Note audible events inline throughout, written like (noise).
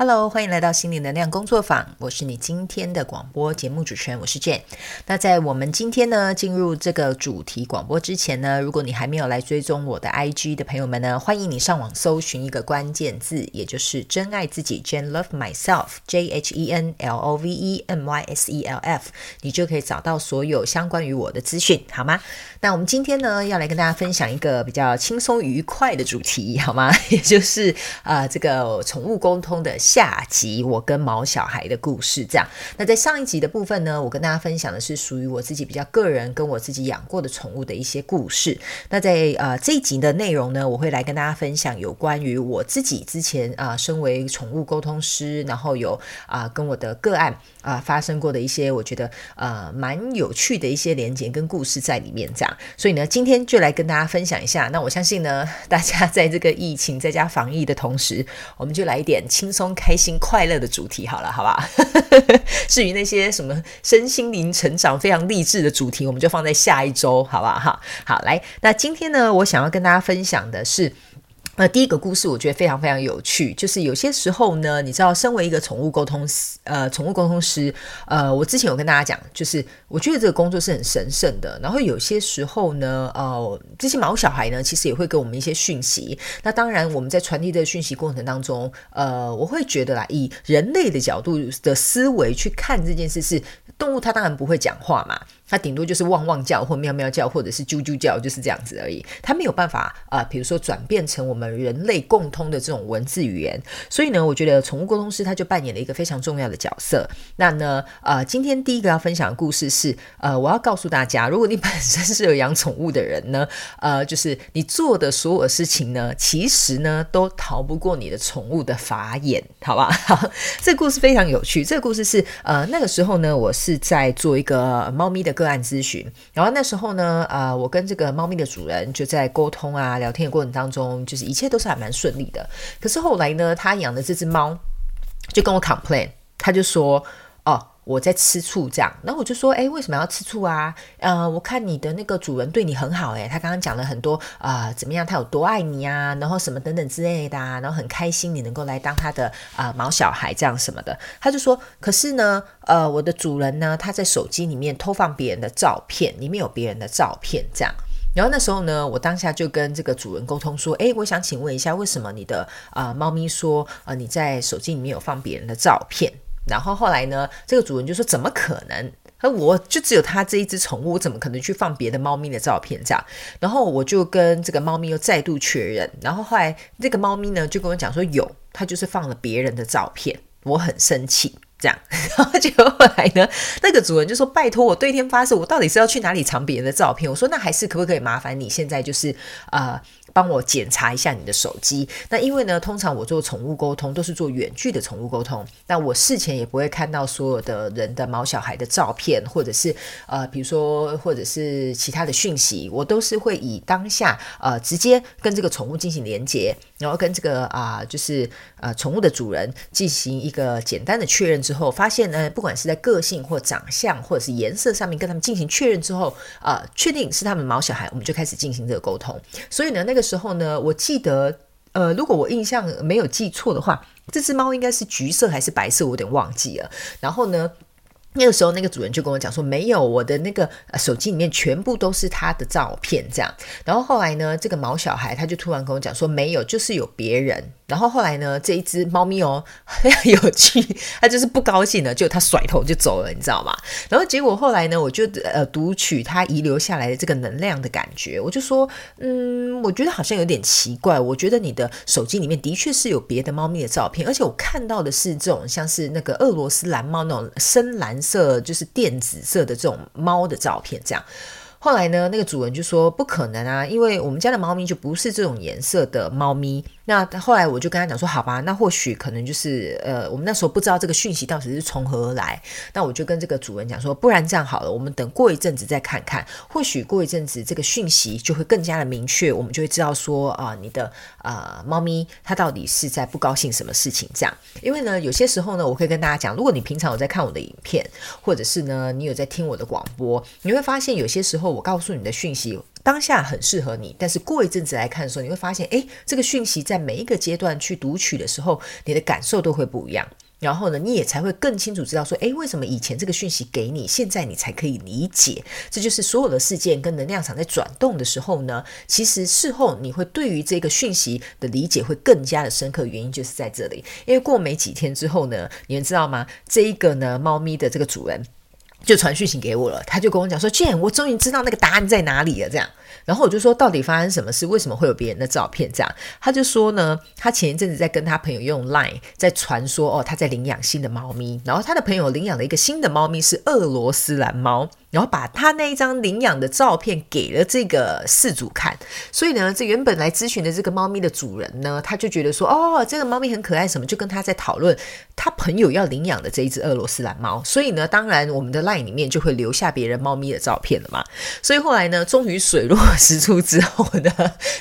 Hello，歡迎來到心靈能量工作坊。我是你今天的廣播節目主持人，我是 Jhen。那在我們今天呢進入這個主題廣播之前呢，如果你還沒有來追蹤我的 IG 的朋友們呢，歡迎你上網搜尋一個關鍵字，也就是真愛自己，Jhen love myself，J H E N L O V E M Y S E L F，你就可以找到所有相關於我的資訊，好嗎？那我們今天呢要來跟大家分享一個比較輕鬆愉快的主題，好嗎？ (laughs) 也就是啊、呃、這個寵物溝通的。下集我跟毛小孩的故事，這樣。那在上一集的部分呢，我跟大家分享的是屬於我自己比較個人跟我自己養過的寵物的一些故事。那在呃這一集的內容呢，我會來跟大家分享有關於我自己之前啊、呃，身為寵物溝通師，然後有啊、呃、跟我的個案啊、呃、發生過的一些我覺得呃蠻有趣的一些連結跟故事在裡面這樣。所以呢，今天就來跟大家分享一下。那我相信呢，大家在這個疫情在家防疫的同時，我們就來一點輕鬆開心快樂的主題好了，好不好？ (laughs) 至於那些什麼身心靈成長非常勵志的主題，我們就放在下一周，好不好？哈，好，來，那今天呢，我想要跟大家分享的是。那、呃、第一個故事我覺得非常非常有趣，就是有些時候呢，你知道，身為一個寵物溝通師，呃，寵物溝通師，呃，我之前有跟大家講，就是我覺得這個工作是很神聖的。然後有些時候呢，呃，這些毛小孩呢，其實也會給我們一些訊息。那當然，我們在傳遞這個訊息過程當中，呃，我會覺得啦，以人類的角度的思維去看這件事是，是動物它當然不會講話嘛。它頂多就是旺旺叫，或喵喵叫，或者是啾啾叫，就是這樣子而已。它沒有辦法啊，呃，比如說轉變成我們人類共通的這種文字語言。所以呢，我覺得寵物溝通師他就扮演了一個非常重要的角色。那呢，呃，今天第一個要分享的故事是，呃，我要告訴大家，如果你本身是有養寵物的人呢，呃，就是你做的所有事情呢，其實呢，都逃不過你的寵物的法眼，好吧？ (laughs) 這個故事非常有趣。這個故事是，呃，那個時候呢，我是在做一個貓咪的。個案諮詢，然後那時候呢，啊、呃，我跟這個貓咪的主人就在溝通啊、聊天的過程當中，就是一切都是還蠻順利的。可是後來呢，他養的這只貓就跟我 complain，他就說，哦。我在吃醋，這樣，然後我就說，哎，為什麼要吃醋啊？呃，我看你的那個主人對你很好、欸，哎，他剛剛講了很多啊、呃，怎麼樣，他有多愛你啊，然後什麼等等之類的、啊，然後很開心你能夠來當他的啊、呃、毛小孩，這樣什麼的。他就說，可是呢，呃，我的主人呢，他在手機裡面偷放別人的照片，裡面有別人的照片，這樣。然後那時候呢，我當下就跟這個主人溝通說，哎，我想請問一下，為什麼你的啊、呃、貓咪說，呃，你在手機裡面有放別人的照片？然後後來呢，這個主人就說：“怎麼可能？那我就只有他這一隻寵物，我怎麼可能去放別的貓咪的照片？這樣。”然後我就跟這個貓咪又再度確認。然後後來這個貓咪呢，就跟我講說：“有，它就是放了別人的照片。”我很生氣，這樣。然後就後來呢，那個主人就說：“拜托我，我對天發誓，我到底是要去哪裡藏別人的照片？”我說：“那還是可不可以麻煩你現在就是啊？”呃幫我檢查一下你的手機。那因為呢，通常我做寵物溝通都是做遠距的寵物溝通。那我事前也不會看到所有的人的毛小孩的照片，或者是呃，比如說或者是其他的訊息，我都是會以當下呃直接跟這個寵物進行連結。然後跟這個啊、呃，就是呃，寵物的主人進行一個簡單的確認之後，發現呢，不管是在個性或長相，或者是顏色上面，跟他們進行確認之後，啊、呃，確定是他們毛小孩，我們就開始進行這個溝通。所以呢，那個時候呢，我記得，呃，如果我印象沒有記錯的話，這隻貓應該是橘色還是白色，我有點忘記了。然後呢，那個時候，那個主人就跟我講說，沒有，我的那個、呃、手機裡面全部都是他的照片，這樣。然後後來呢，這個毛小孩他就突然跟我講說，沒有，就是有別人。然後後來呢，這一隻貓咪哦，很有趣，它就是不高興了，就它甩頭就走了，你知道嗎？然後結果後來呢，我就呃讀取它遺留下來的這個能量的感覺，我就說，嗯，我覺得好像有點奇怪。我覺得你的手機裡面的確是有別的貓咪的照片，而且我看到的是這種像是那個俄羅斯藍貓那種深藍。色就是電紫色的這種貓的照片，這樣。後來呢，那個主人就說，不可能啊，因為我們家的貓咪就不是這種顏色的貓咪。那後來我就跟他講說，好吧，那或許可能就是呃，我們那時候不知道這個訊息到底是從何而來。那我就跟這個主人講說，不然這樣好了，我們等過一陣子再看看，或許過一陣子這個訊息就會更加的明確，我們就會知道說啊、呃，你的啊、呃、貓咪它到底是在不高興什麼事情這樣。因為呢，有些時候呢，我可以跟大家講，如果你平常有在看我的影片，或者是呢你有在聽我的廣播，你會發現有些時候我告訴你的訊息。當下很適合你，但是過一陣子來看的時候，你會發現，誒，這個訊息在每一個階段去讀取的時候，你的感受都會不一樣。然後呢，你也才會更清楚知道說，誒，為什麼以前這個訊息給你，現在你才可以理解。這就是所有的事件跟能量場在轉動的時候呢，其實事後你會對於這個訊息的理解會更加的深刻。原因就是在這裡，因為過沒幾天之後呢，你們知道嗎？這一個呢，貓咪的這個主人，就傳訊息給我了，他就跟我講說：“Jhen，我終於知道那個答案在哪裡了。”這樣。然後我就說，到底發生什麼事？為什麼會有別人的照片？這樣，他就說呢，他前一陣子在跟他朋友用 Line 在傳說哦，他在領養新的貓咪，然後他的朋友領養了一個新的貓咪，是俄羅斯藍貓，然後把他那一張領養的照片給了這個事主看。所以呢，這原本來諮詢的這個貓咪的主人呢，他就覺得說，哦，這個貓咪很可愛，什麼就跟他在討論他朋友要領養的這一只俄羅斯藍貓。所以呢，當然我們的 Line 裡面就會留下別人貓咪的照片了嘛。所以後來呢，終於水落。實出之後呢，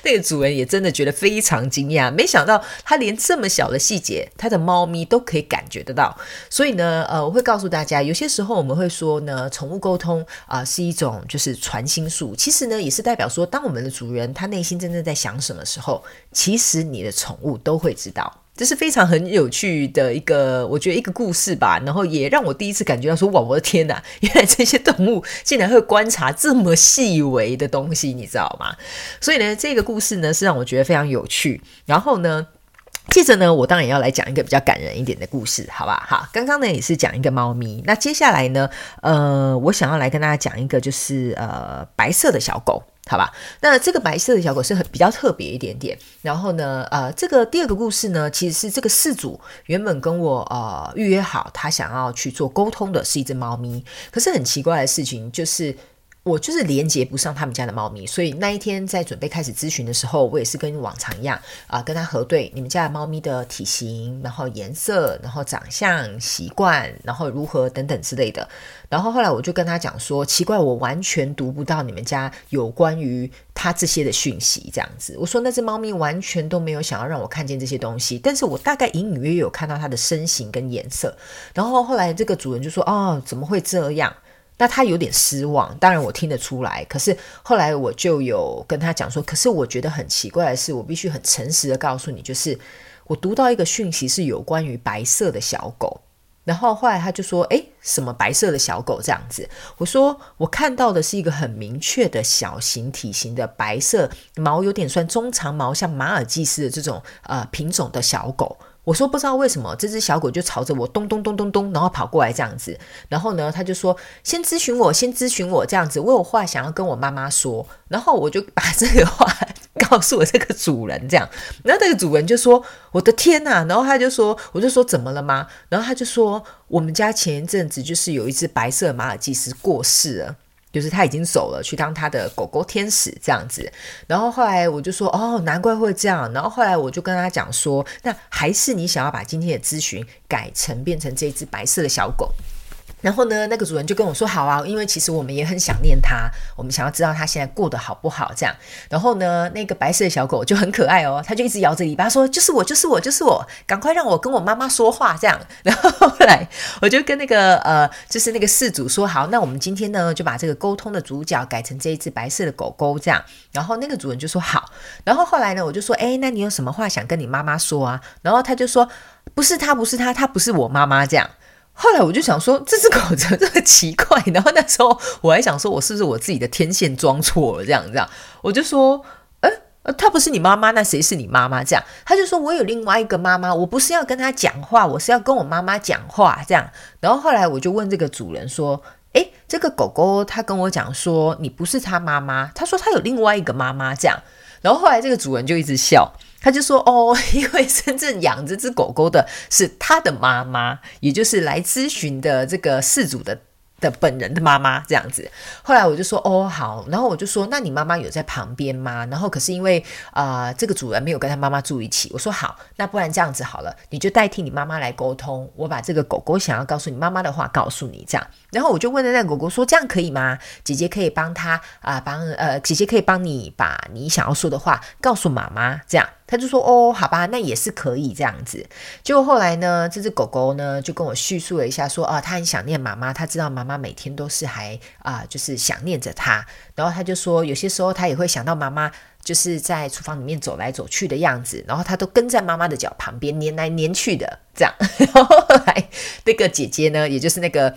那個主人也真的覺得非常驚訝，沒想到他連這麼小的細節，他的貓咪都可以感覺得到。所以呢，呃，我會告訴大家，有些時候我們會說呢，寵物溝通啊，呃，是一種就是傳心術，其實呢也是代表說，當我們的主人他內心真正在想什麼時候，其實你的寵物都會知道。這是非常很有趣的一個，我覺得一個故事吧，然後也讓我第一次感覺到說，哇，我的天吶，原來這些動物竟然會觀察這麼細微的東西，你知道嗎？所以呢，這個故事呢是讓我覺得非常有趣。然後呢，接着呢，我當然也要來講一個比較感人一點的故事，好吧？好，剛剛呢也是講一個貓咪，那接下來呢，呃，我想要來跟大家講一個就是呃白色的小狗。好吧，那這個白色的小狗是很比較特別一點點。然後呢，呃，這個第二個故事呢，其實是這個事主原本跟我呃預約好，他想要去做溝通的是一隻貓咪。可是很奇怪的事情就是。我就是連接不上他們家的貓咪，所以那一天在準備開始諮詢的時候，我也是跟往常一樣啊、呃，跟他核對你們家的貓咪的體型，然後顏色，然後長相、習慣，然後如何等等之類的。然後後來我就跟他講說，奇怪，我完全讀不到你們家有關於他這些的訊息，這樣子。我說那隻貓咪完全都沒有想要讓我看見這些東西，但是我大概隱隱約約有看到它的身形跟顏色。然後後來這個主人就說，哦，怎麼會這樣？那他有點失望，當然我聽得出來。可是後來我就有跟他講說，可是我覺得很奇怪的是，我必須很誠實的告訴你，就是我讀到一個訊息是有關於白色的小狗，然後後來他就說，誒，什麼白色的小狗這樣子？我說我看到的是一個很明確的小型體型的白色毛，有點算中長毛，像馬爾濟斯的這種呃品種的小狗。我說不知道為什麼，這只小狗就朝着我咚咚咚咚咚咚，然後跑過來這樣子。然後呢，他就說先諮詢我，先諮詢我這樣子。我有話想要跟我媽媽說，然後我就把這個話告訴我這個主人，這樣。然後那個主人就說：“我的天哪、啊！”然後他就說，就說：“我就說怎麼了嗎？”然後他就說：“我們家前一陣子就是有一隻白色馬爾濟斯過世了。”就是他已經走了，去當他的狗狗天使這樣子。然後後來我就說，哦，難怪會這樣。然後後來我就跟他講說，那還是你想要把今天的諮詢改成變成這隻白色的小狗。然後呢，那個主人就跟我說：“好啊，因為其實我們也很想念他，我們想要知道他現在過得好不好。”這樣。然後呢，那個白色的小狗就很可愛哦，它就一直搖着尾巴說：“就是我，就是我，就是我，趕快讓我跟我媽媽說話。”這樣。然後後來，我就跟那個呃，就是那個事主說：“好，那我們今天呢，就把這個溝通的主角改成這一只白色的狗狗。”這樣。然後那個主人就說：“好。”然後後來呢，我就說：“誒，那你有什麼話想跟你媽媽說啊？”然後他就說：“不是他，不是他，他不是我媽媽。”這樣。後來我就想說，這只狗怎麼這麼奇怪？然後那時候我還想說，我是不是我自己的天線裝錯了？這樣這樣，我就說，誒，他不是你媽媽，那誰是你媽媽？這樣，他就說，我有另外一個媽媽，我不是要跟他講話，我是要跟我媽媽講話。這樣，然後後來我就問這個主人說，誒，這個狗狗他跟我講說，你不是他媽媽，他說他有另外一個媽媽。這樣，然後後來這個主人就一直笑。他就說哦，因為真正養這隻狗狗的是他的媽媽，也就是來諮詢的這個事主的的本人的媽媽這樣子。後來我就說哦好，然後我就說，那你媽媽有在旁邊嗎？然後可是因為啊，呃，這個主人沒有跟他媽媽住一起，我說好，那不然這樣子好了，你就代替你媽媽來溝通，我把這個狗狗想要告訴你媽媽的話告訴你這樣。然後我就問了那個狗狗說：“這樣可以嗎？姐姐可以幫他啊、呃，幫呃，姐姐可以幫你把你想要說的話告訴媽媽。”這樣，他就說：“哦，好吧，那也是可以這樣子。”結果後來呢，這只狗狗呢就跟我敘述了一下，說：“啊，他很想念媽媽，他知道媽媽每天都是還啊、呃，就是想念着他。然後他就說，有些時候他也會想到媽媽，就是在廚房裡面走來走去的樣子，然後他都跟在媽媽的腳旁邊黏來黏去的。這樣，然後，後來那個姐姐呢，也就是那個。”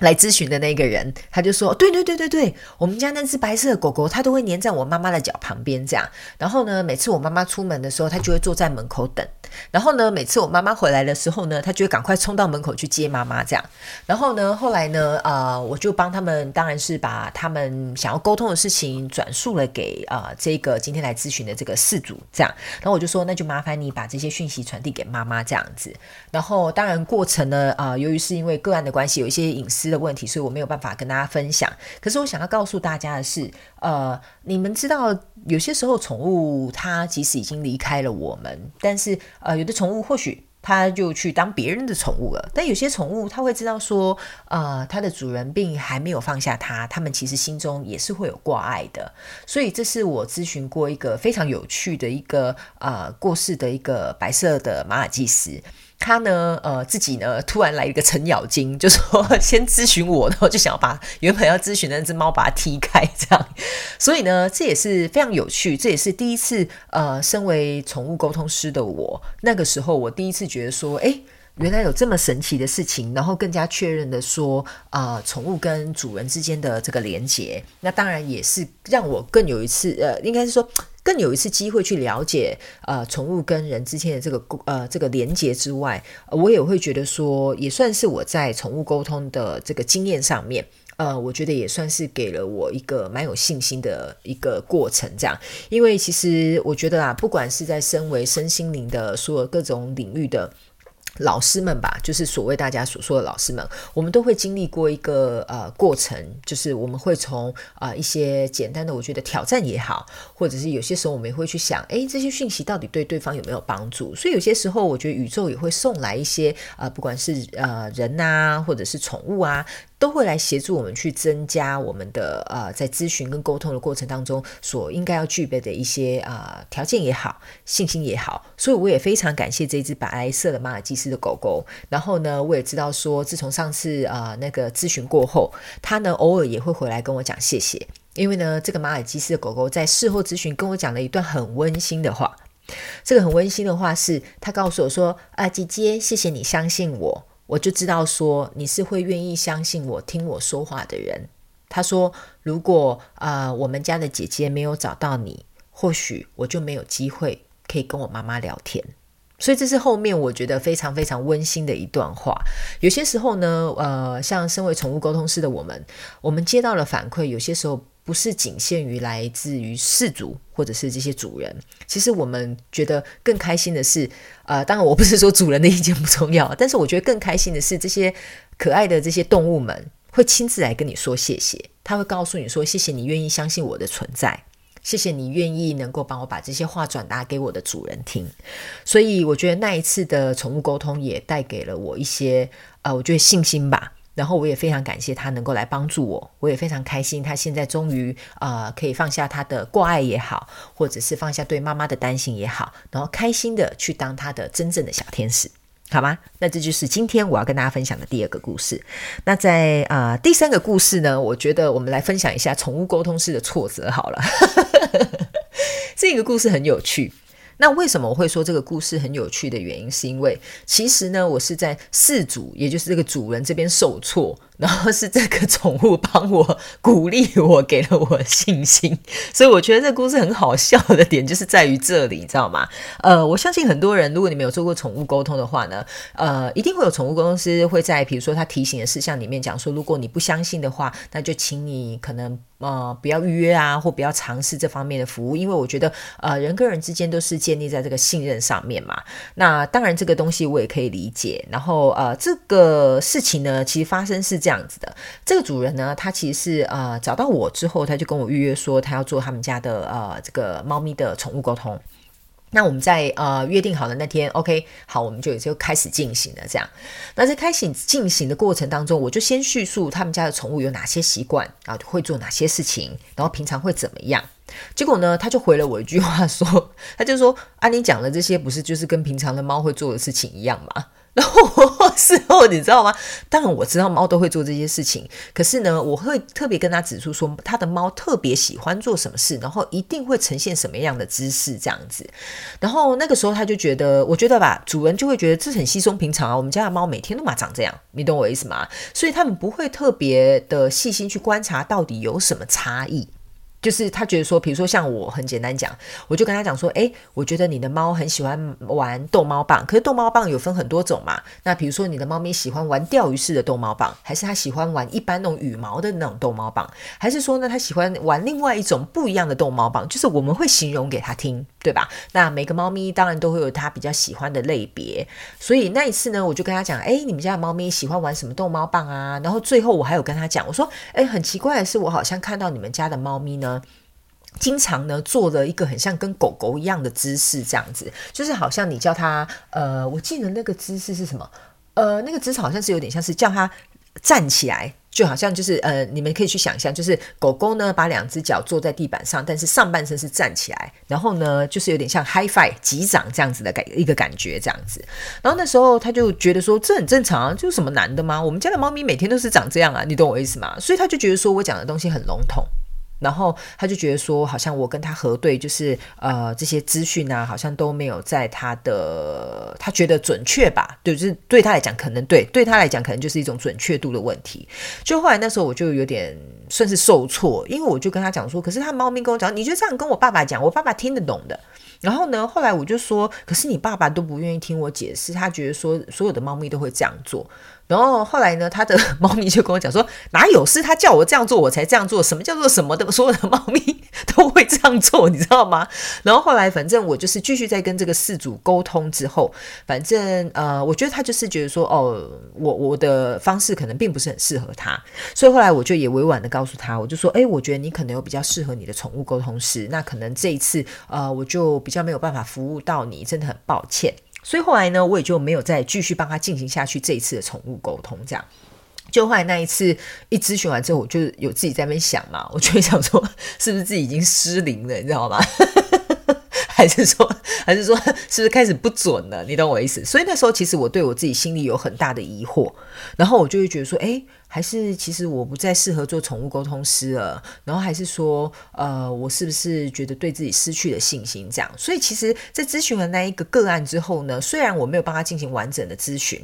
來諮詢的那個人，他就說：“對對對對對，我們家那只白色的狗狗，它都會黏在我媽媽的腳旁邊，這樣。然後呢，每次我媽媽出門的時候，它就會坐在門口等。然後呢，每次我媽媽回來的時候呢，他就會趕快衝到門口去接媽媽，這樣。然後呢，後來呢，啊、呃，我就幫他們，當然是把他們想要溝通的事情轉述了給啊、呃、這個今天來諮詢的這個事主，這樣。然後我就說，那就麻煩你把這些訊息傳遞給媽媽這樣子。然後，當然過程呢，啊、呃，由於是因為個案的關係，有一些隱私。”的問題，所以我沒有辦法跟大家分享。可是我想要告訴大家的是，呃，你們知道，有些時候寵物它其實已經離開了我們，但是呃，有的寵物或許它就去當別人的寵物了。但有些寵物它會知道說，呃，它的主人並還沒有放下它，他們其實心中也是會有掛礙的。所以這是我諮詢過一個非常有趣的一個呃過世的一個白色的馬爾濟斯。他呢，呃，自己呢，突然來一個程咬金，就說先諮詢我，然後就想要把原本要諮詢的那只貓把它踢開，這樣。所以呢，這也是非常有趣，這也是第一次，呃，身為寵物溝通師的我，那個時候我第一次覺得說，哎，原來有這麼神奇的事情，然後更加確認的說，啊、呃，寵物跟主人之間的這個連結，那當然也是讓我更有一次，呃，應該是說。更有一次機會去了解，呃，寵物跟人之間的這個呃，這個連接之外，我也會覺得說也算是我在寵物溝通的這個經驗上面，呃，我覺得也算是給了我一個蠻有信心的一個過程，這樣。因為其實我覺得啊，不管是在身為身心靈的所有各種領域的。老師們吧，就是所謂大家所說的老師們，我們都會經歷過一個呃過程，就是我們會從啊、呃、一些簡單的，我覺得挑戰也好，或者是有些時候我們也會去想，哎，這些訊息到底對對方有沒有幫助？所以有些時候我覺得宇宙也會送來一些啊、呃，不管是呃人吶、啊，或者是寵物啊，都會來協助我們去增加我們的呃在諮詢跟溝通的過程當中所應該要具備的一些啊、呃、條件也好，信心也好。所以我也非常感謝這隻白色的馬爾濟斯的狗狗，然後呢，我也知道說，自從上次啊、呃、那個諮詢過後，他呢偶爾也會回來跟我講謝謝，因為呢，這個馬爾濟斯的狗狗在事後諮詢跟我講了一段很溫馨的話，這個很溫馨的話是，他告訴我說，啊姐姐，謝謝你相信我，我就知道說你是會願意相信我聽我說話的人。他說，如果啊、呃、我們家的姐姐沒有找到你，或許我就沒有機會可以跟我媽媽聊天。所以這是後面我覺得非常非常溫馨的一段話。有些時候呢，呃，像身為寵物溝通師的我們，我們接到了反饋，有些時候不是僅限於來自於飼主或者是這些主人。其實我們覺得更開心的是，呃，當然我不是說主人的意見不重要，但是我覺得更開心的是，這些可愛的這些動物們會親自來跟你說謝謝，他會告訴你說謝謝你願意相信我的存在。謝謝你願意能夠幫我把這些話轉達給我的主人聽，所以我覺得那一次的寵物溝通也帶給了我一些呃，我覺得信心吧。然後我也非常感謝他能夠來幫助我，我也非常開心。他現在終於呃可以放下他的掛礙也好，或者是放下對媽媽的擔心也好，然後開心的去當他的真正的小天使，好嗎？那這就是今天我要跟大家分享的第二個故事。那在啊，呃，第三個故事呢，我覺得我們來分享一下寵物溝通師的挫折好了。 (laughs) (laughs) 這個故事很有趣。那為什麼我會說這個故事很有趣的原因，是因為其實呢，我是在事主，也就是這個主人這邊受挫，然後是這個寵物幫我鼓勵我，給了我信心，所以我覺得這個故事很好笑的點就是在於這裡，你知道嗎？呃，我相信很多人，如果你沒有做過寵物溝通的話呢，呃，一定會有寵物公司會在比如說他提醒的事項裡面講說，如果你不相信的話，那就請你可能呃不要預約啊，或不要嘗試這方面的服務，因為我覺得呃人跟人之間都是。建立在這個信任上面嘛，那當然這個東西我也可以理解。然後呃，這個事情呢，其實發生是這樣子的：這個主人呢，他其實是呃找到我之後，他就跟我預約說他要做他們家的呃這個貓咪的寵物溝通。那我們在呃約定好的那天，OK，好，我們就也就開始進行了。這樣，那在開始進行的過程當中，我就先敘述他們家的寵物有哪些習慣啊，會做哪些事情，然後平常會怎麼樣。結果呢，他就回了我一句話，說，他就說：“啊，你講的這些不是就是跟平常的貓會做的事情一樣嗎？”然後事後 (laughs) 你知道嗎？當然我知道貓都會做這些事情，可是呢，我會特別跟他指出說，他的貓特別喜歡做什麼事，然後一定會呈現什麼樣的姿勢這樣子。然後那個時候他就覺得，我覺得吧，主人就會覺得這很稀鬆平常啊，我們家的貓每天都嘛長這樣，你懂我意思嗎？所以他們不會特別的細心去觀察到底有什麼差異。就是他覺得說，比如說像我很簡單講，我就跟他講說，哎，我覺得你的貓很喜歡玩逗貓棒，可是逗貓棒有分很多種嘛。那比如說你的貓咪喜歡玩釣魚式的逗貓棒，還是他喜歡玩一般那種羽毛的那種逗貓棒，還是說呢他喜歡玩另外一種不一樣的逗貓棒？就是我們會形容給他聽，對吧？那每個貓咪當然都會有他比較喜歡的類別。所以那一次呢，我就跟他講，哎，你們家的貓咪喜歡玩什麼逗貓棒啊？然後最後我還有跟他講，我說，哎，很奇怪的是，我好像看到你們家的貓咪呢。經常呢，做着一個很像跟狗狗一樣的姿勢，這樣子，就是好像你叫它，呃，我記得那個姿勢是什麼，呃，那個姿勢好像是有點像是叫它站起來，就好像就是呃，你們可以去想象就是狗狗呢把兩隻腳坐在地板上，但是上半身是站起來，然後呢就是有點像 HiFi 擊掌，這樣子的感一個感覺，這樣子，然後那時候他就覺得說這很正常啊，這有什麼難的嗎？我們家的貓咪每天都是長這樣啊，你懂我意思嗎？所以他就覺得說我講的東西很籠統。然後他就覺得說，好像我跟他核對，就是呃這些資訊啊，好像都沒有在他的，他覺得準確吧？對，就是對他來講，可能對對他來講，可能就是一種準確度的問題。就後來那時候，我就有點算是受挫，因為我就跟他講說，可是他貓咪跟我講，你就這樣跟我爸爸講，我爸爸聽得懂的。然後呢，後來我就說，可是你爸爸都不願意聽我解釋，他覺得說所有的貓咪都會這樣做。然後後來呢，他的貓咪就跟我講說，哪有，是他叫我這樣做，我才這樣做。什麼叫做什麼的？所有的貓咪都會這樣做，你知道嗎？然後後來，反正我就是繼續在跟這個事主溝通之後，反正呃，我覺得他就是覺得說，哦，我我的方式可能並不是很適合他。所以後來我就也委婉的告訴他，我就說，哎，我覺得你可能有比較適合你的寵物溝通師。那可能這一次，呃，我就。比較沒有辦法服務到你，真的很抱歉。所以後來呢，我也就沒有再繼續幫他進行下去這一次的寵物溝通，這樣。就後來那一次一諮詢完之後，我就有自己在那邊想嘛，我就想說是不是自己已經失靈了，你知道嗎？ (laughs) 還是說，還是說，是不是開始不準了？你懂我意思？所以那時候，其實我對我自己心裡有很大的疑惑，然後我就會覺得說，哎，還是其實我不再適合做寵物溝通師了。然後還是說，呃，我是不是覺得對自己失去了信心？這樣。所以其實，在諮詢了那一個個案之後呢，雖然我沒有幫他進行完整的諮詢，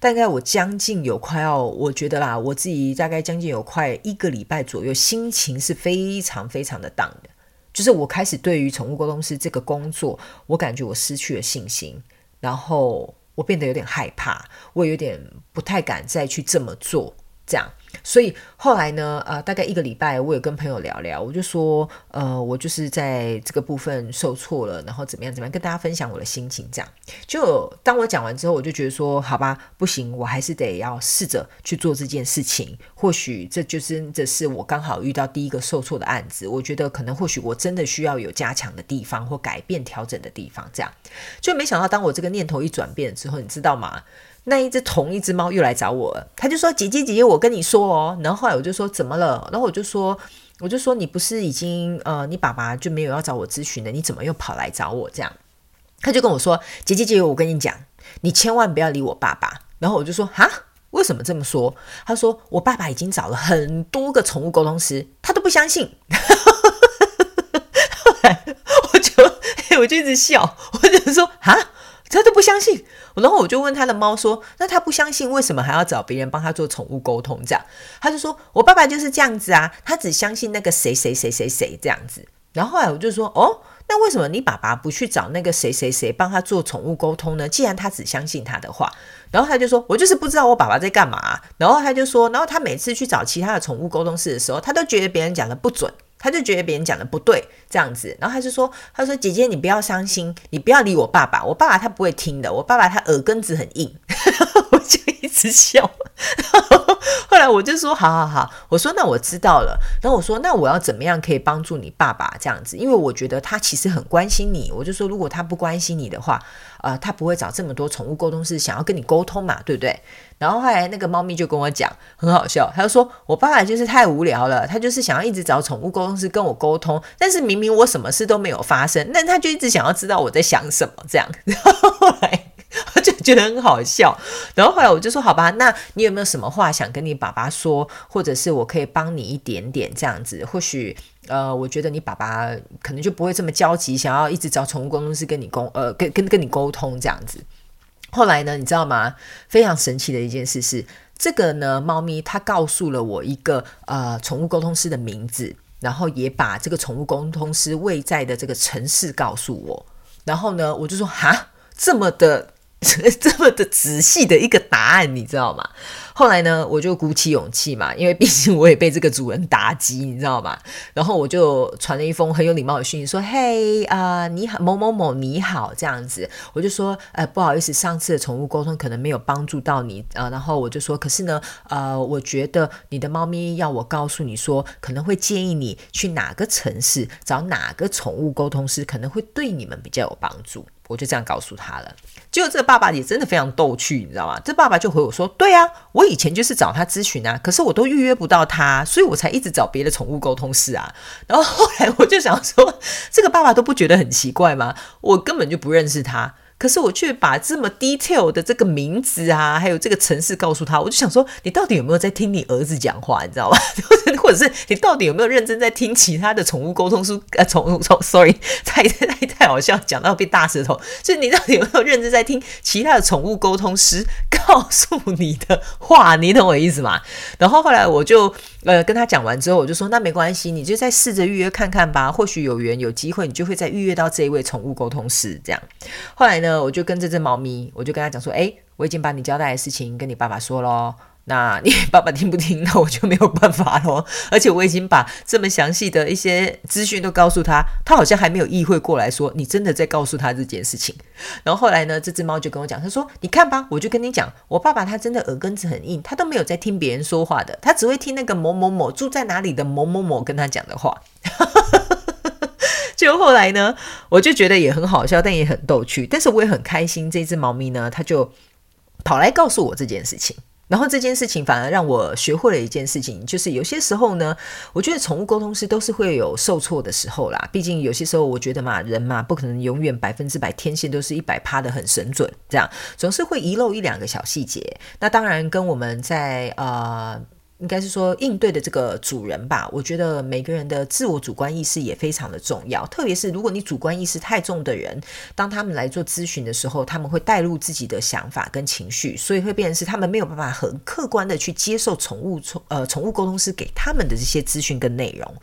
大概我將近有快要，我覺得啦，我自己大概將近有快一個禮拜左右，心情是非常非常的 down 的。就是我開始對於寵物溝通師這個工作，我感覺我失去了信心，然後我變得有點害怕，我也有點不太敢再去這麼做，這樣。所以後來呢，呃，大概一個禮拜，我有跟朋友聊聊，我就說，呃，我就是在這個部分受挫了，然後怎麼樣怎麼樣，跟大家分享我的心情。這樣，就當我講完之後，我就覺得說，好吧，不行，我還是得要試着去做這件事情。或許這就是這是我剛好遇到第一個受挫的案子。我覺得可能或許我真的需要有加強的地方，或改變調整的地方。這樣，就沒想到當我這個念頭一轉變之後，你知道嗎？那一隻同一隻貓又來找我了，他就說：“姐姐姐姐，我跟你說哦。”然後後來我就說：“怎麼了？”然後我就說：“我就說你不是已經呃，你爸爸就沒有要找我諮詢的，你怎麼又跑來找我這樣？”他就跟我說：“姐姐姐姐，我跟你講，你千萬不要理我爸爸。”然後我就說：“哈，為什麼這麼說？”他說：“我爸爸已經找了很多個寵物溝通師，他都不相信。 (laughs) ”後來我就我就一直笑，我就說：“哈他都不相信，然後我就問他的貓說：“那他不相信，為什麼還要找別人幫他做寵物溝通？”這樣，他就說：“我爸爸就是這樣子啊，他只相信那個誰誰誰誰誰這樣子。”然後後來我就說：“哦，那為什麼你爸爸不去找那個誰誰誰幫他做寵物溝通呢？既然他只相信他的話。”然後他就說：“我就是不知道我爸爸在幹嘛啊。”然後他就說：“然後他每次去找其他的寵物溝通師的時候，他都覺得別人講的不準。”他就覺得別人講的不對，這樣子，然後他就說：“他說姐姐，你不要傷心，你不要理我爸爸，我爸爸他不會聽的，我爸爸他耳根子很硬。 (laughs) ”我就，直笑， (laughs) 後來我就說：好，好，好，我說，那我知道了。然後我說：那我要怎麼樣可以幫助你爸爸這樣子？因為我覺得他其實很關心你。我就說：如果他不關心你的話，啊、呃，他不會找這麼多寵物溝通師想要跟你溝通嘛，對不對？然後後來那個貓咪就跟我講，很好笑，他就說，我爸爸就是太無聊了，他就是想要一直找寵物溝通師跟我溝通，但是明明我什麼事都沒有發生，那他就一直想要知道我在想什麼這樣子。然後後來。我 (laughs) 就覺得很好笑，然後後來我就說：“好吧，那你有沒有什麼話想跟你爸爸說，或者是我可以幫你一點點這樣子？或許呃，我覺得你爸爸可能就不會這麼焦急，想要一直找寵物溝通師跟你溝呃跟跟跟你溝通這樣子。”後來呢，你知道嗎？非常神奇的一件事是，這個呢，貓咪它告訴了我一個呃寵物溝通師的名字，然後也把這個寵物溝通師位在的這個城市告訴我，然後呢，我就說：“哈，這麼的。” (laughs) 這麼的仔細的一個答案，你知道嗎？後來呢，我就鼓起勇氣嘛，因為畢竟我也被這個主人打擊，你知道嗎？然後我就傳了一封很有禮貌的訊息說：“嘿啊、呃，你好某某某，你好，這樣子。”我就說：“呃，不好意思，上次的寵物溝通可能沒有幫助到你啊，呃。”然後我就說：“可是呢，呃，我覺得你的貓咪要我告訴你說，可能會建議你去哪個城市找哪個寵物溝通師，可能會對你們比較有幫助。”我就這樣告訴他了，結果這個爸爸也真的非常逗趣，你知道嗎？這個爸爸就回我說：“對啊，我以前就是找他諮詢啊，可是我都預約不到他，所以我才一直找別的寵物溝通師啊。”然後後來我就想說，這個爸爸都不覺得很奇怪嗎？我根本就不認識他。可是我卻把這麼 detail 的這個名字啊，還有這個城市告訴他，我就想說，你到底有沒有在聽你兒子講話，你知道嗎？ (laughs) 或者是你到底有沒有認真在聽其他的寵物溝通師？呃，寵物，寵，sorry，太太太，太好笑，講到變大舌頭，就是你到底有沒有認真在聽其他的寵物溝通師告訴你的話？你懂我意思嗎？然後後來我就。呃，跟他講完之後，我就說那沒關係，你就再試着預約看看吧，或許有緣有機會，你就會再預約到這一位寵物溝通師這樣。後來呢，我就跟這只貓咪，我就跟他講說，誒，我已經把你交代的事情跟你爸爸說嘍。那你爸爸聽不聽？那我就沒有辦法嘍。而且我已經把這麼詳細的一些資訊都告訴他，他好像還沒有意會過來說你真的在告訴他這件事情。然後後來呢，這只貓就跟我講，他說：“你看吧，我就跟你講，我爸爸他真的耳根子很硬，他都沒有在聽別人說話的，他只會聽那個某某某住在哪裡的某某某跟他講的話。”哈哈哈哈哈！就後來呢，我就覺得也很好笑，但也很逗趣，但是我也很開心。這只貓咪呢，它就跑來告訴我這件事情。然後這件事情反而讓我學會了一件事情，就是有些時候呢，我覺得寵物溝通師都是會有受挫的時候啦。畢竟有些時候，我覺得嘛，人嘛，不可能永遠百分之百天線都是一百趴的很神準這樣，總是會遺漏一兩個小細節。那當然跟我們在呃。應該是說應對的這個主人吧，我覺得每個人的自我主觀意識也非常的重要，特別是如果你主觀意識太重的人，當他們來做諮詢的時候，他們會帶入自己的想法跟情緒，所以會變成是他們沒有辦法很客觀的去接受寵物寵呃寵物溝通師給他們的這些資訊跟內容。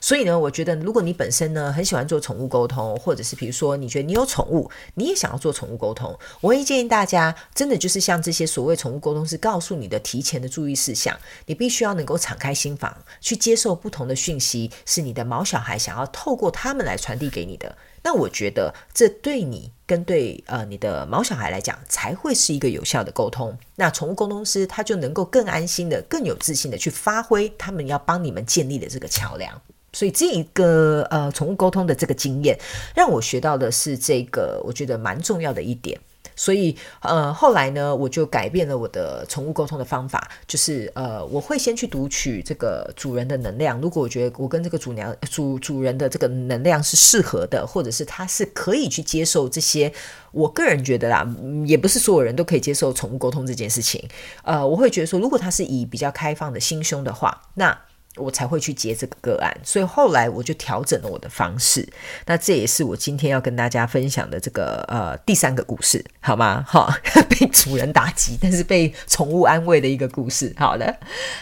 所以呢，我覺得如果你本身呢很喜歡做寵物溝通，或者是比如說你覺得你有寵物，你也想要做寵物溝通，我會建議大家真的就是像這些所謂寵物溝通師告訴你的提前的注意事項，你。必須要能夠敞開心房，去接受不同的訊息，是你的毛小孩想要透過他們來傳遞給你的。那我覺得，這對你跟對呃你的毛小孩來講，才會是一個有效的溝通。那寵物溝通師他就能夠更安心的、更有自信的去發揮他們要幫你們建立的這個橋梁。所以這一個呃寵物溝通的這個經驗，讓我學到的是這個，我覺得蠻重要的一點。所以，呃，後來呢，我就改變了我的寵物溝通的方法，就是，呃，我會先去讀取這個主人的能量。如果我覺得我跟這個主娘主主人的這個能量是適合的，或者是他是可以去接受這些，我個人覺得啦，也不是所有人都可以接受寵物溝通這件事情。呃，我會覺得說，如果他是以比較開放的心胸的話，那。我才會去接這個個案，所以後來我就調整了我的方式。那這也是我今天要跟大家分享的這個呃第三個故事，好嗎？好，被主人打擊，但是被寵物安慰的一個故事。好的，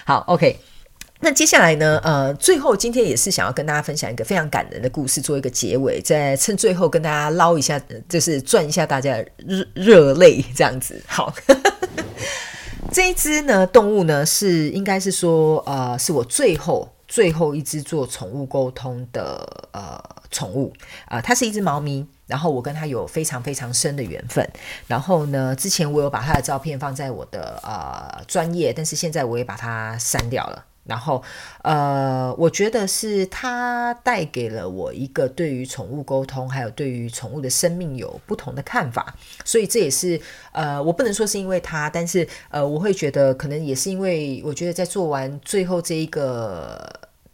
好，OK。那接下來呢？呃，最後今天也是想要跟大家分享一個非常感人的故事，做一個結尾。再趁最後跟大家撈一下，就是賺一下大家熱熱淚這樣子。好。 (laughs) 這一隻呢，動物呢是應該是說，呃，是我最後最後一隻做寵物溝通的呃寵物啊，它、呃、是一隻貓咪，然後我跟它有非常非常深的緣分。然後呢，之前我有把它的照片放在我的呃專頁，但是現在我也把它刪掉了。然後，呃，我覺得是他帶給了我一個對於寵物溝通，還有對於寵物的生命有不同的看法，所以這也是，呃，我不能說是因為他，但是，呃，我會覺得可能也是因為，我覺得在做完最後這一個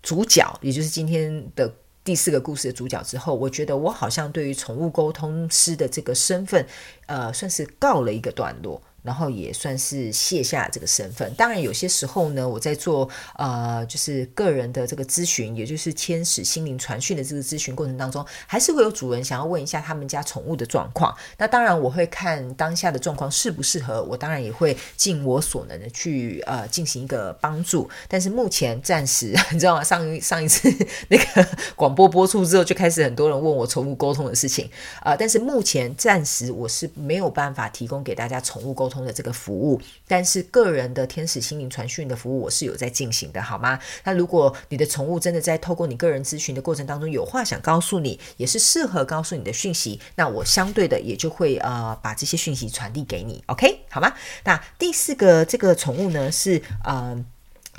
主角，也就是今天的第四個故事的主角之後，我覺得我好像對於寵物溝通師的這個身份，呃，算是告了一個段落。然後也算是卸下這個身份。當然，有些時候呢，我在做呃，就是個人的這個諮詢，也就是天使心靈傳訊的這個諮詢過程當中，還是會有主人想要問一下他們家寵物的狀況。那當然，我會看當下的狀況適不適合。我當然也會盡我所能的去呃進行一個幫助。但是目前暫時，你知道嗎？上一上一次那個廣播播出之後，就開始很多人問我寵物溝通的事情，呃，但是目前暫時我是沒有辦法提供給大家寵物溝通。通，通的這個服務，但是個人的天使心靈傳訊的服務，我是有在進行的，好嗎？那如果你的寵物真的在透過你個人諮詢的過程當中有話想告訴你，也是適合告訴你的訊息，那我相對的也就會呃把這些訊息傳遞給你，OK 好嗎？那第四個這個寵物呢是呃。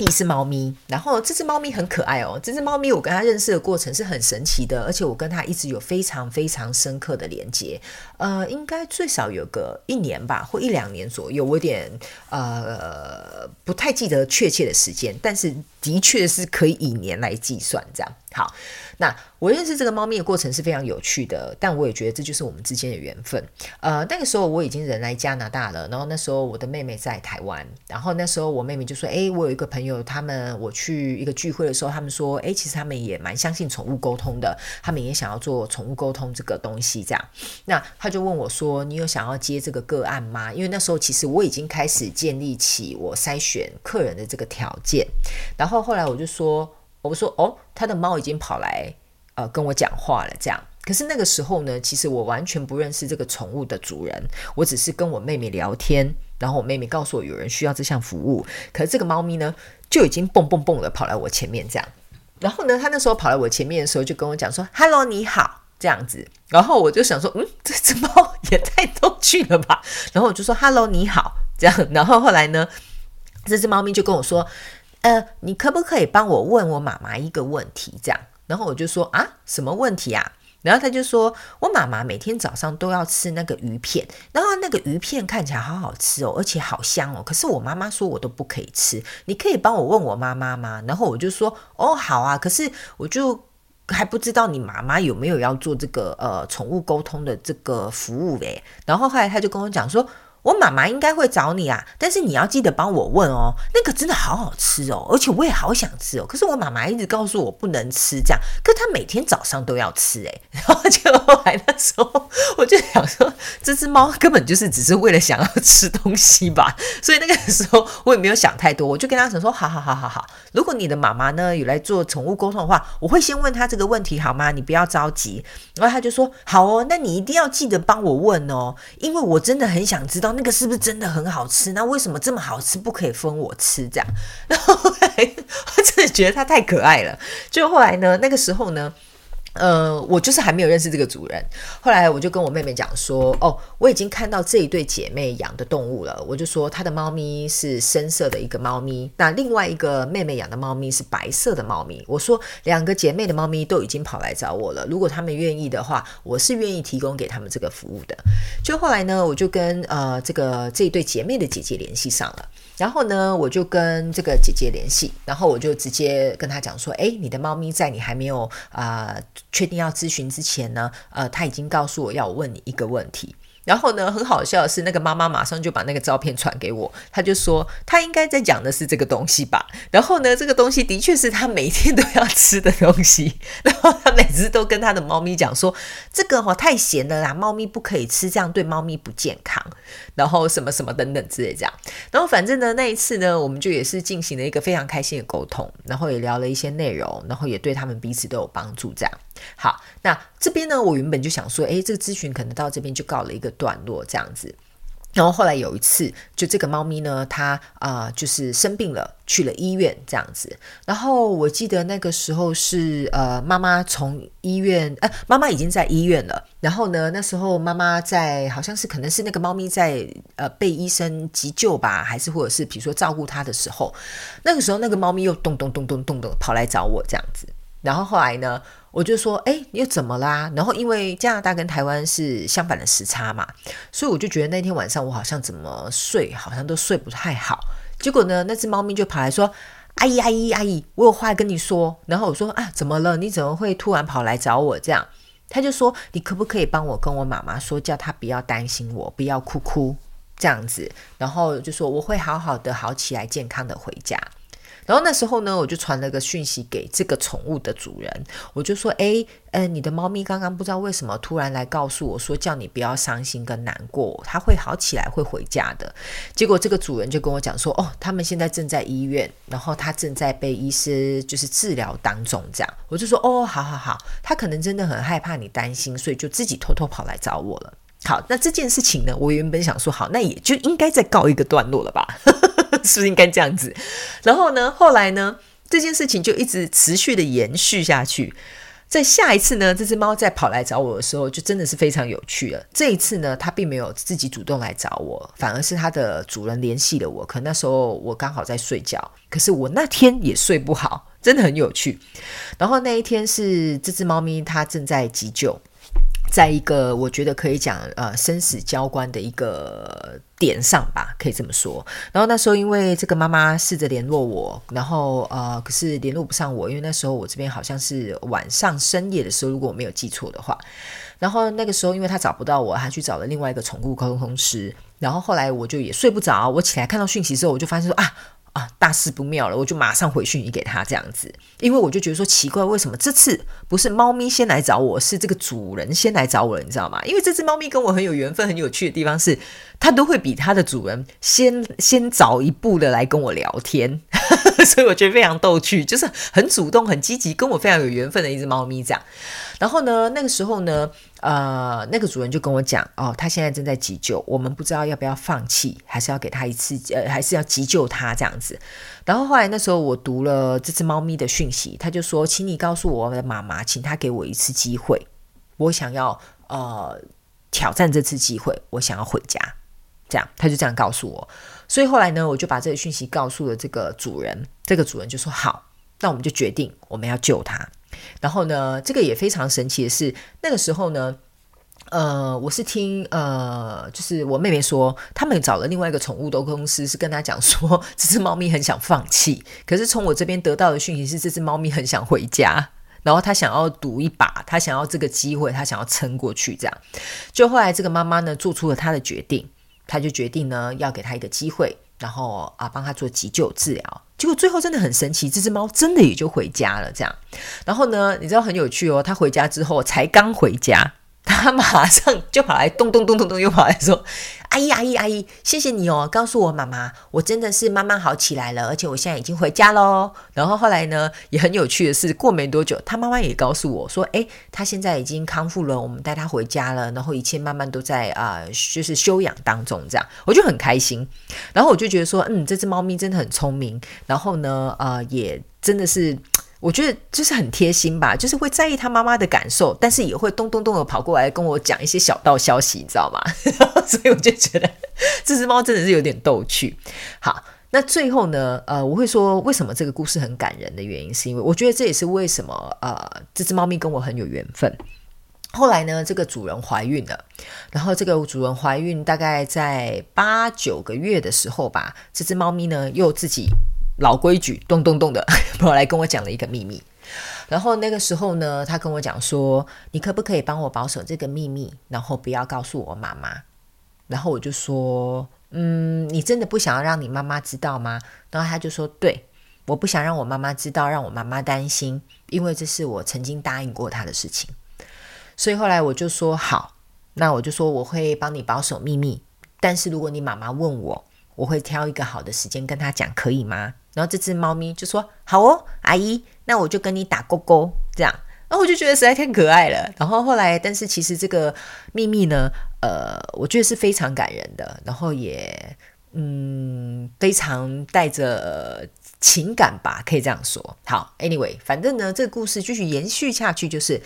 一隻貓咪，然後這隻貓咪很可愛哦。這隻貓咪我跟它認識的過程是很神奇的，而且我跟它一直有非常非常深刻的連接。呃，應該最少有個一年吧，或一兩年左右。我有一點呃，不太記得確切的時間，但是的確是可以以年來計算這樣。好。那我認識這個貓咪的過程是非常有趣的，但我也覺得這就是我們之間的緣分。呃，那個時候我已經人來加拿大了，然後那時候我的妹妹在台灣，然後那時候我妹妹就說：“哎，我有一個朋友，他們我去一個聚會的時候，他們說，哎，其實他們也蠻相信寵物溝通的，他們也想要做寵物溝通這個東西，這樣。那”那他就問我說：“你有想要接這個個案嗎？”因為那時候其實我已經開始建立起我篩選客人的這個條件，然後後來我就說。我說哦，他的貓已經跑來，呃，跟我講話了，這樣。可是那個時候呢，其實我完全不認識這個寵物的主人，我只是跟我妹妹聊天，然後我妹妹告訴我有人需要這項服務。可是這個貓咪呢，就已經蹦蹦蹦的跑來我前面這樣。然後呢，它那時候跑來我前面的時候，就跟我講說 “hello，你好”這樣子。然後我就想說，嗯，這只貓也太逗趣了吧。然後我就說 “hello，你好”這樣。然後後來呢，這只貓咪就跟我說。呃，你可不可以幫我問我媽媽一個問題？這樣，然後我就說啊，什麼問題啊？然後他就說我媽媽每天早上都要吃那個魚片，然後那個魚片看起來好好吃哦，而且好香哦。可是我媽媽說我都不可以吃，你可以幫我問我媽媽嗎？然後我就說哦，好啊。可是我就還不知道你媽媽有沒有要做這個呃寵物溝通的這個服務誒。然後後來他就跟我講說。我媽媽應該會找你啊，但是你要記得幫我問哦。那個真的好好吃哦，而且我也好想吃哦。可是我媽媽一直告訴我不能吃，這樣。可她每天早上都要吃哎。然後就後來的時候，我就想說，這隻貓根本就是只是為了想要吃東西吧。所以那個時候我也沒有想太多，我就跟她說說，好好好好好。如果你的媽媽呢有來做寵物溝通的話，我會先問她這個問題好嗎？你不要着急。然後她就說好哦，那你一定要記得幫我問哦，因為我真的很想知道。哦，那個是不是真的很好吃？那為什麼這麼好吃，不可以分我吃？這樣，然後後來我真的覺得他太可愛了。就後來呢，那個時候呢。呃，我就是還沒有認識這個主人。後來我就跟我妹妹講說，哦，我已經看到這一對姐妹養的動物了。我就說她的貓咪是深色的一個貓咪，那另外一個妹妹養的貓咪是白色的貓咪。我說兩個姐妹的貓咪都已經跑來找我了，如果她們願意的話，我是願意提供給她們這個服務的。就後來呢，我就跟呃，這個這一對姐妹的姐姐聯繫上了。然後呢，我就跟這個姐姐聯繫，然後我就直接跟她講說，誒，你的貓咪在你還沒有啊、呃、確定要諮詢之前呢，呃，她已經告訴我要我問你一個問題。然後呢，很好笑的是，那個媽媽馬上就把那個照片傳給我，她就說她應該在講的是這個東西吧。然後呢，這個東西的確是她每天都要吃的東西。然後她每次都跟她的貓咪講說：“這個哈太鹹了啦，貓咪不可以吃，這樣對貓咪不健康。”然後什麼什麼等等之類這樣。然後反正呢，那一次呢，我們就也是進行了一個非常開心的溝通，然後也聊了一些內容，然後也對他們彼此都有幫助這樣。好。那這邊呢，我原本就想說，哎，這個諮詢可能到這邊就告了一個段落這樣子。然後後來有一次，就這個貓咪呢，它啊就是生病了，去了醫院這樣子。然後我記得那個時候是呃，媽媽從醫院，呃，媽媽已經在醫院了。然後呢，那時候媽媽在，好像是可能是那個貓咪在呃被醫生急救吧，還是或者是比如說照顧它的時候，那個時候那個貓咪又咚咚咚咚咚咚跑來找我這樣子。然後後來呢，我就說，哎，你又怎麼啦？然後因為加拿大跟台灣是相反的時差嘛，所以我就覺得那天晚上我好像怎麼睡，好像都睡不太好。結果呢，那只貓咪就跑來說：“阿姨，阿姨，阿姨，我有話跟你說。”然後我說：“啊，怎麼了？你怎麼會突然跑來找我？”這樣，他就說：“你可不可以幫我跟我媽媽說，叫她不要擔心我，不要哭哭，這樣子。”然後就說：“我會好好的，好起來，健康的回家。”然後那時候呢，我就傳了個訊息給這個寵物的主人，我就說：“誒，嗯、呃，你的貓咪剛剛不知道為什麼突然來告訴我說，叫你不要傷心跟難過，它會好起來，會回家的。”結果這個主人就跟我講說：“哦，他們現在正在醫院，然後他正在被醫師就是治療當中。”這樣，我就說：“哦，好好好，他可能真的很害怕你擔心，所以就自己偷偷跑來找我了。”好，那這件事情呢，我原本想說，好，那也就應該再告一個段落了吧。 (laughs) 是不是應該這樣子？然後呢，後來呢，這件事情就一直持續地延續下去。在下一次呢，這隻貓再跑來找我的時候，就真的是非常有趣了。這一次呢，它並沒有自己主動來找我，反而是它的主人聯繫了我。可那時候我剛好在睡覺，可是我那天也睡不好，真的很有趣。然後那一天是這隻貓咪它正在急救。在一個我覺得可以講呃生死交關的一個點上吧，可以這麼說。然後那時候因為這個媽媽試着聯絡我，然後呃可是聯絡不上我，因為那時候我這邊好像是晚上深夜的時候，如果我沒有記錯的話。然後那個時候因為她找不到我，她去找了另外一個寵物溝通師。然後後來我就也睡不着，我起來看到訊息之後，我就發現說啊。啊，大事不妙了，我就馬上回訊息給他這樣子，因為我就覺得說奇怪，為什麼這次不是貓咪先來找我，是這個主人先來找我了，你知道嗎？因為這只貓咪跟我很有緣分，很有趣的地方是，它都會比它的主人先先早一步的來跟我聊天， (laughs) 所以我覺得非常逗趣，就是很主動、很積極，跟我非常有緣分的一只貓咪這樣。然後呢，那個時候呢。呃，那個主人就跟我講哦，他現在正在急救，我們不知道要不要放棄，還是要給他一次，呃，還是要急救他這樣子。然後後來那時候我讀了這隻貓咪的訊息，他就說，請你告訴我的媽媽，請他給我一次機會，我想要呃挑戰這次機會，我想要回家，這樣，他就這樣告訴我。所以後來呢，我就把這個訊息告訴了這個主人，這個主人就說好，那我們就決定我們要救他。然後呢，這個也非常神奇的是，那個時候呢，呃，我是聽呃，就是我妹妹說，他們找了另外一個寵物的公司，是跟她講說，這只貓咪很想放棄，可是從我這邊得到的訊息是，這只貓咪很想回家，然後她想要賭一把，她想要這個機會，她想要撐過去，這樣。就後來這個媽媽呢，做出了她的決定，她就決定呢，要給她一個機會。然後啊，幫他做急救治療，結果最後真的很神奇，這隻貓真的也就回家了。這樣，然後呢，你知道很有趣哦，它回家之後才剛回家，它馬上就跑來，咚咚咚咚咚，又跑來說。阿姨，阿姨，阿姨，謝謝你哦！告訴我媽媽，我真的是慢慢好起來了，而且我現在已經回家嘍。然後後來呢，也很有趣的是，過沒多久，他媽媽也告訴我說，誒，他現在已經康復了，我們帶他回家了，然後一切慢慢都在啊、呃，就是休養當中。這樣，我就很開心。然後我就覺得說，嗯，這隻貓咪真的很聰明。然後呢，呃，也真的是。我覺得就是很貼心吧，就是會在意他媽媽的感受，但是也會咚咚咚的跑過來跟我講一些小道消息，你知道嗎？ (laughs) 所以我就覺得這隻貓真的是有點逗趣，好，那最後呢，呃，我會說為什麼這個故事很感人的原因，是因為我覺得這也是為什麼，呃，這隻貓咪跟我很有緣分。後來呢，這個主人懷孕了，然後這個主人懷孕大概在八九個月的時候吧，這隻貓咪呢，又自己。老規矩，咚咚咚的跑來跟我講了一個秘密。然後那個時候呢，他跟我講說：“你可不可以幫我保守這個秘密，然後不要告訴我媽媽？”然後我就說：“嗯，你真的不想要讓你媽媽知道嗎？”然後他就說：“對，我不想讓我媽媽知道，讓我媽媽擔心，因為這是我曾經答應過她的事情。”所以後來我就說：“好，那我就說我會幫你保守秘密，但是如果你媽媽問我，我會挑一個好的時間跟她講，可以嗎？”然後這隻貓咪就說：“好哦，阿姨，那我就跟你打勾勾，這樣。”然後我就覺得實在太可愛了。然後後來，但是其實這個秘密呢，呃，我覺得是非常感人的，然後也嗯，非常帶着情感吧，可以這樣說。好，Anyway，反正呢，這個故事繼續延續下去，就是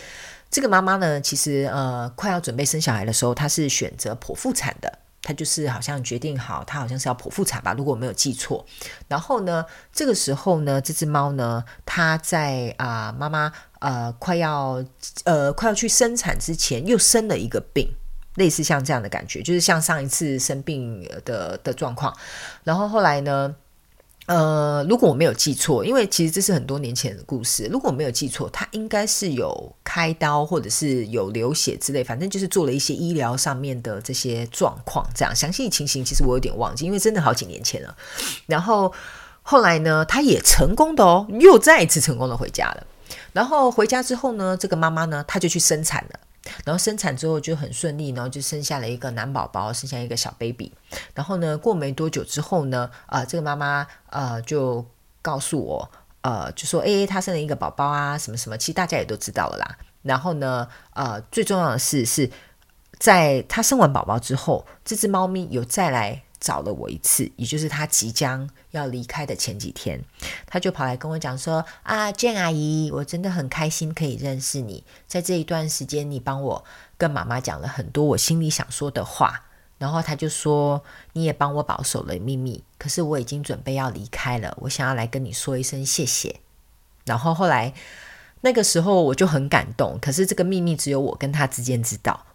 這個媽媽呢，其實呃，快要準備生小孩的時候，她是選擇剖腹產的。他就是好像決定好，他好像是要剖腹產吧，如果我沒有記錯。然後呢，這個時候呢，這隻貓呢，它在啊、呃、媽媽呃快要呃快要去生產之前，又生了一個病，類似像這樣的感覺，就是像上一次生病的的狀況。然後後來呢，呃，如果我沒有記錯，因為其實這是很多年前的故事。如果我沒有記錯，他應該是有開刀或者是有流血之類，反正就是做了一些醫療上面的這些狀況。這樣詳細情形其實我有點忘記，因為真的好幾年前了。然後後來呢，他也成功的哦，又再一次成功的回家了。然後回家之後呢，這個媽媽呢，她就去生產了。然後生產之後就很順利，然後就生下了一個男寶寶，生下一個小 baby。然後呢，過沒多久之後呢，呃，這個媽媽呃就告訴我，呃，就說 A A、欸、她生了一個寶寶啊，什麼什麼，其實大家也都知道了啦。然後呢，呃，最重要的是，是在她生完寶寶之後，這只貓咪有再來。找了我一次，也就是他即將要離開的前幾天，他就跑來跟我講說：“啊，Jhen 阿姨，我真的很開心可以認識你，在這一段時間，你幫我跟媽媽講了很多我心裡想說的話。然後他就說，你也幫我保守了祕密。可是我已經準備要離開了，我想要來跟你說一聲謝謝。然後後來那個時候我就很感動，可是這個祕密只有我跟他之間知道。”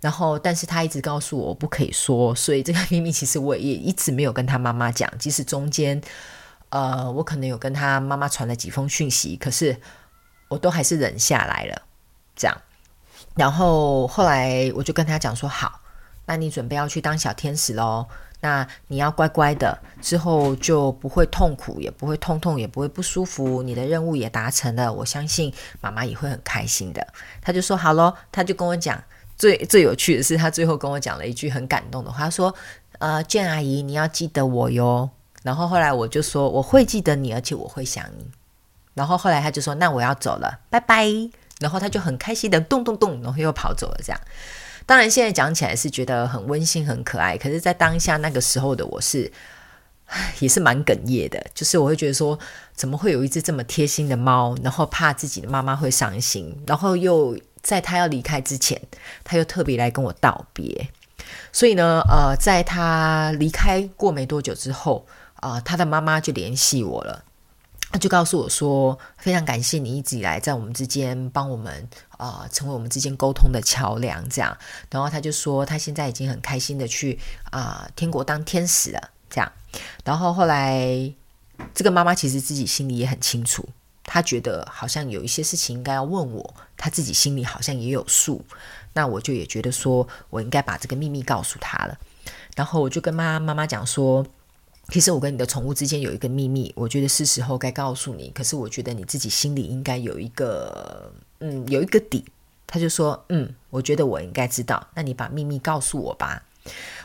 然後，但是他一直告訴我不可以說，所以這個秘密其實我也一直沒有跟他媽媽講。即使中間，呃，我可能有跟他媽媽傳了幾封訊息，可是我都還是忍下來了。這樣，然後後來我就跟他講說：“好，那你準備要去當小天使嘍？那你要乖乖的，之後就不會痛苦，也不會痛痛，也不會不舒服。你的任務也達成了，我相信媽媽也會很開心的。”他就說：“好嘍。”他就跟我講。最最有趣的是，他最後跟我講了一句很感動的話，他說：“呃，娟阿姨，你要記得我喲。”然後後來我就說：“我會記得你，而且我會想你。”然後後來他就說：“那我要走了，拜拜。”然後他就很開心地咚咚咚，然後又跑走了。這樣，當然現在講起來是覺得很溫馨、很可愛。可是，在當下那個時候的我是，也是蠻哽咽的。就是我會覺得說，怎麼會有一隻這麼貼心的貓？然後怕自己的媽媽會傷心，然後又。在他要離開之前，他又特別來跟我道別。所以呢，呃，在他離開過沒多久之後，啊、呃，他的媽媽就聯繫我了，他就告訴我說：“非常感謝你一直以來在我們之間幫我們啊、呃，成為我們之間溝通的橋樑。”這樣，然後他就說他現在已經很開心的去啊、呃，天國當天使了。這樣，然後後來這個媽媽其實自己心裡也很清楚。他覺得好像有一些事情應該要問我，他自己心裡好像也有數，那我就也覺得說我應該把這個秘密告訴他了，然後我就跟媽媽媽講說，其實我跟你的寵物之間有一個秘密，我覺得是時候該告訴你，可是我覺得你自己心裡應該有一個，嗯，有一個底。他就說，嗯，我覺得我應該知道，那你把秘密告訴我吧。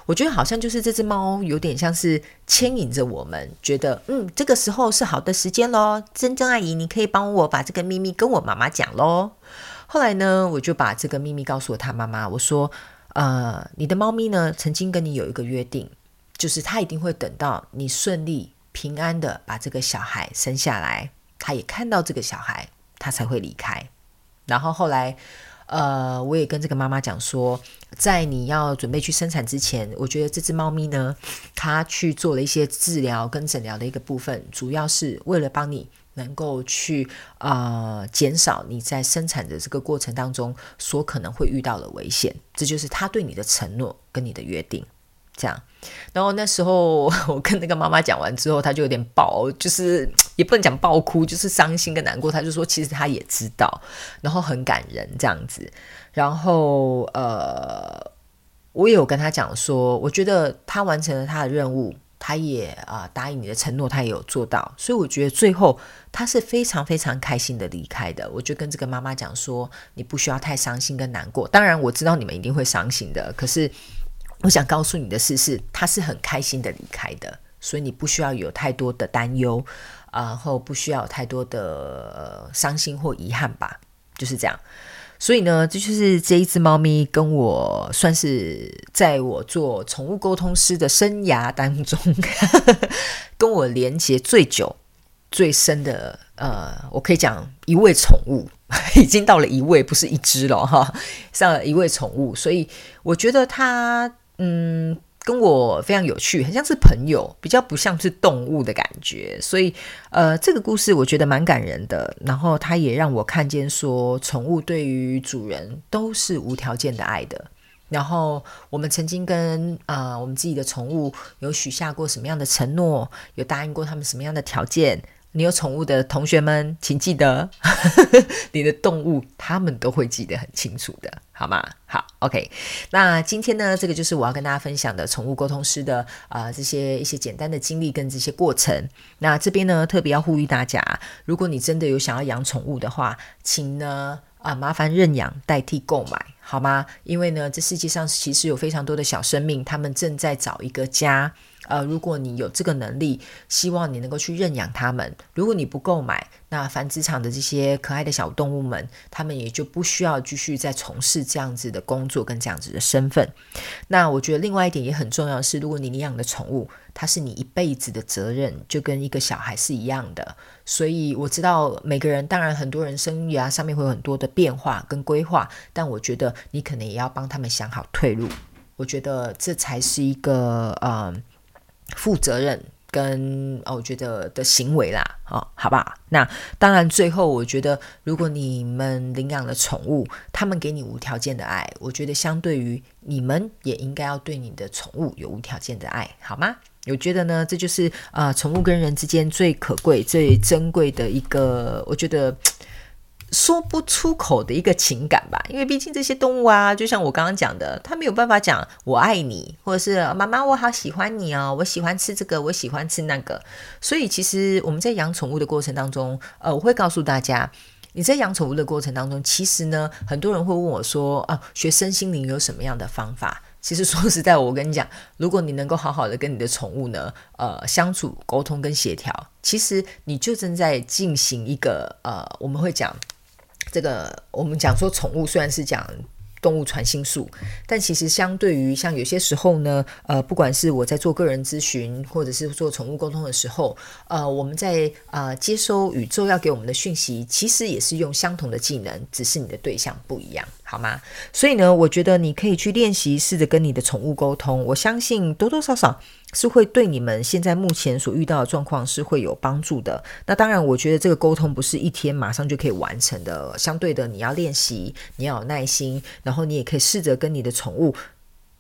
我覺得好像就是這隻貓，有點像是牽引着我們，覺得嗯，這個時候是好的時間咯。珍珍阿姨，你可以幫我把這個秘密跟我媽媽講咯。後來呢，我就把這個秘密告訴了她媽媽，我說呃，你的貓咪呢，曾經跟你有一個約定，就是它一定會等到你順利平安的把這個小孩生下來，它也看到這個小孩，它才會離開。然後後來。呃，我也跟這個媽媽講說，在你要準備去生產之前，我覺得這隻貓咪呢，它去做了一些治療跟診療的一個部分，主要是為了幫你能夠去呃減少你在生產的這個過程當中所可能會遇到的危險。這就是他對你的承諾跟你的約定。這樣，然後那時候我跟那個媽媽講完之後，她就有點爆，就是也不能講爆哭，就是傷心跟難過。她就說：“其實她也知道，然後很感人這樣子。”然後呃，我也有跟她講說：“我覺得她完成了她的任務，她也啊、呃、答應你的承諾，她也有做到。”所以我覺得最後她是非常非常開心的離開的。我就跟這個媽媽講說：“你不需要太傷心跟難過。當然我知道你們一定會傷心的，可是。”我想告訴你的事是，是他是很開心的離開的，所以你不需要有太多的擔憂，然後不需要有太多的傷心或遺憾吧，就是這樣。所以呢，這就，就是這一只貓咪跟我算是在我做寵物溝通師的生涯當中， (laughs) 跟我連接最久、最深的呃，我可以講一位寵物，已經到了一位，不是一隻了哈，像一位寵物。所以我覺得它。嗯，跟我非常有趣，很像是朋友，比較不像是動物的感覺。所以，呃，這個故事我覺得蠻感人的。然後，它也讓我看見說，寵物對於主人都是無條件的愛的。然後，我們曾經跟啊、呃，我們自己的寵物有許下過什麼樣的承諾，有答應過他們什麼樣的條件。你有寵物的同學們，請記得， (laughs) 你的動物，他們都會記得很清楚的，好嗎？好，OK。那今天呢，這個就是我要跟大家分享的寵物溝通師的啊、呃，這些一些簡單的經歷跟這些過程。那這邊呢，特別要呼籲大家，如果你真的有想要養寵物的話，請呢啊麻煩認養代替購買，好嗎？因為呢，這世界上其實有非常多的小生命，他們正在找一個家。呃，如果你有這個能力，希望你能夠去認養它們。如果你不購買，那繁殖場的這些可愛的小動物們，它們也就不需要繼續再從事這樣子的工作跟這樣子的身份。那我覺得另外一點也很重要的是，如果你領養的寵物，它是你一輩子的責任，就跟一個小孩是一樣的。所以我知道每個人，當然很多人生育啊上面會有很多的變化跟規劃，但我覺得你可能也要幫他們想好退路。我覺得這才是一個嗯。呃負責任跟哦，我覺得的行為啦，哦，好不好？那當然，最後我覺得，如果你們領養了寵物，他們給你無條件的愛，我覺得相對於你們也應該要對你的寵物有無條件的愛，好嗎？我覺得呢？這就是啊，呃，寵物跟人之間最可貴、最珍貴的一個，我覺得。說不出口的一個情感吧，因為畢竟這些動物啊，就像我剛剛講的，它沒有辦法講“我愛你”或者是“媽媽，我好喜歡你哦，我喜歡吃這個，我喜歡吃那個”。所以，其實我們在養寵物的過程當中，呃，我會告訴大家，你在養寵物的過程當中，其實呢，很多人會問我說：“啊、呃，學身心靈有什麼樣的方法？”其實說實在，我跟你講，如果你能夠好好的跟你的寵物呢，呃，相處、溝通跟協調，其實你就正在進行一個呃，我們會講。這個我們講說寵物雖然是講動物傳心術，但其實相對於像有些時候呢，呃，不管是我在做個人諮詢，或者是做寵物溝通的時候，呃，我們在呃接收宇宙要給我們的訊息，其實也是用相同的技能，只是你的對象不一樣。好嗎？所以呢，我覺得你可以去練習，試着跟你的寵物溝通。我相信多多少少是會對你們現在目前所遇到的狀況是會有幫助的。那當然，我覺得這個溝通不是一天馬上就可以完成的。相對的，你要練習，你要有耐心，然後你也可以試着跟你的寵物，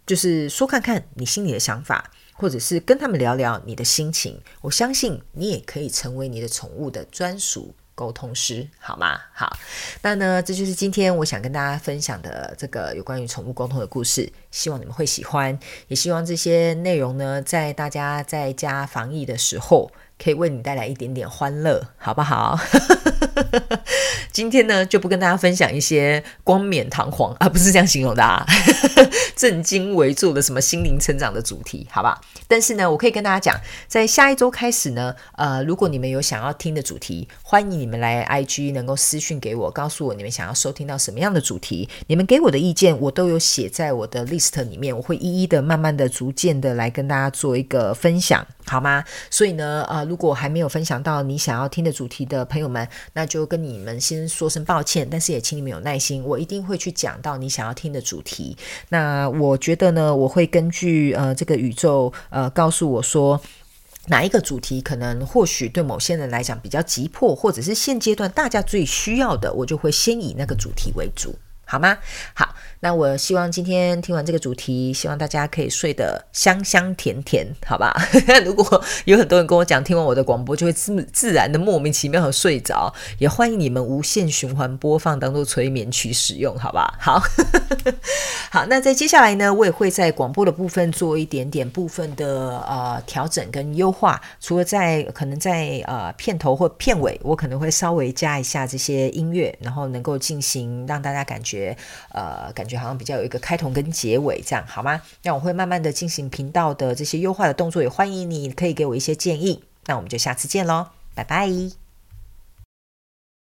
就是說看看你心裡的想法，或者是跟他們聊聊你的心情。我相信你也可以成為你的寵物的專屬溝通師，好嗎？好，那呢？這就是今天我想跟大家分享的這個有關於寵物溝通的故事。希望你們會喜歡，也希望這些內容呢，在大家在家防疫的時候，可以為你帶來一點點歡樂，好不好？ (laughs) (laughs) 今天呢，就不跟大家分享一些冠冕堂皇啊，不是這樣形容的啊，正 (laughs) 經為主的什麼心靈成長的主題，好吧？但是呢，我可以跟大家講，在下一周開始呢，呃，如果你們有想要聽的主題，歡迎你們來 IG 能夠私訊給我，告訴我你們想要收聽到什麼樣的主題，你們給我的意見我都有寫在我的 list 裡面，我會一一的慢慢的、逐漸的來跟大家做一個分享，好嗎？所以呢，呃，如果還沒有分享到你想要聽的主題的朋友們，那就跟你們先說聲抱歉，但是也請你們有耐心，我一定會去講到你想要聽的主題。那我覺得呢，我會根據呃這個宇宙呃告訴我說，哪一個主題可能或許對某些人來講比較急迫，或者是現階段大家最需要的，我就會先以那個主題為主。好嗎？好，那我希望今天聽完這個主題，希望大家可以睡得香香甜甜，好吧？ (laughs) 如果有很多人跟我講，聽完我的廣播就會自自然的莫名其妙的睡着，也歡迎你們無限循環播放，當做催眠曲使用，好吧？好， (laughs) 好，那在接下來呢，我也會在廣播的部分做一點點部分的呃調整跟優化，除了在可能在呃片頭或片尾，我可能會稍微加一下這些音樂，然後能夠進行讓大家感覺。覺，呃，感覺好像比較有一個開頭跟結尾這樣，好嗎？那我會慢慢的進行頻道的這些優化的動作，也歡迎你可以給我一些建議。那我們就下次見嘍，拜拜。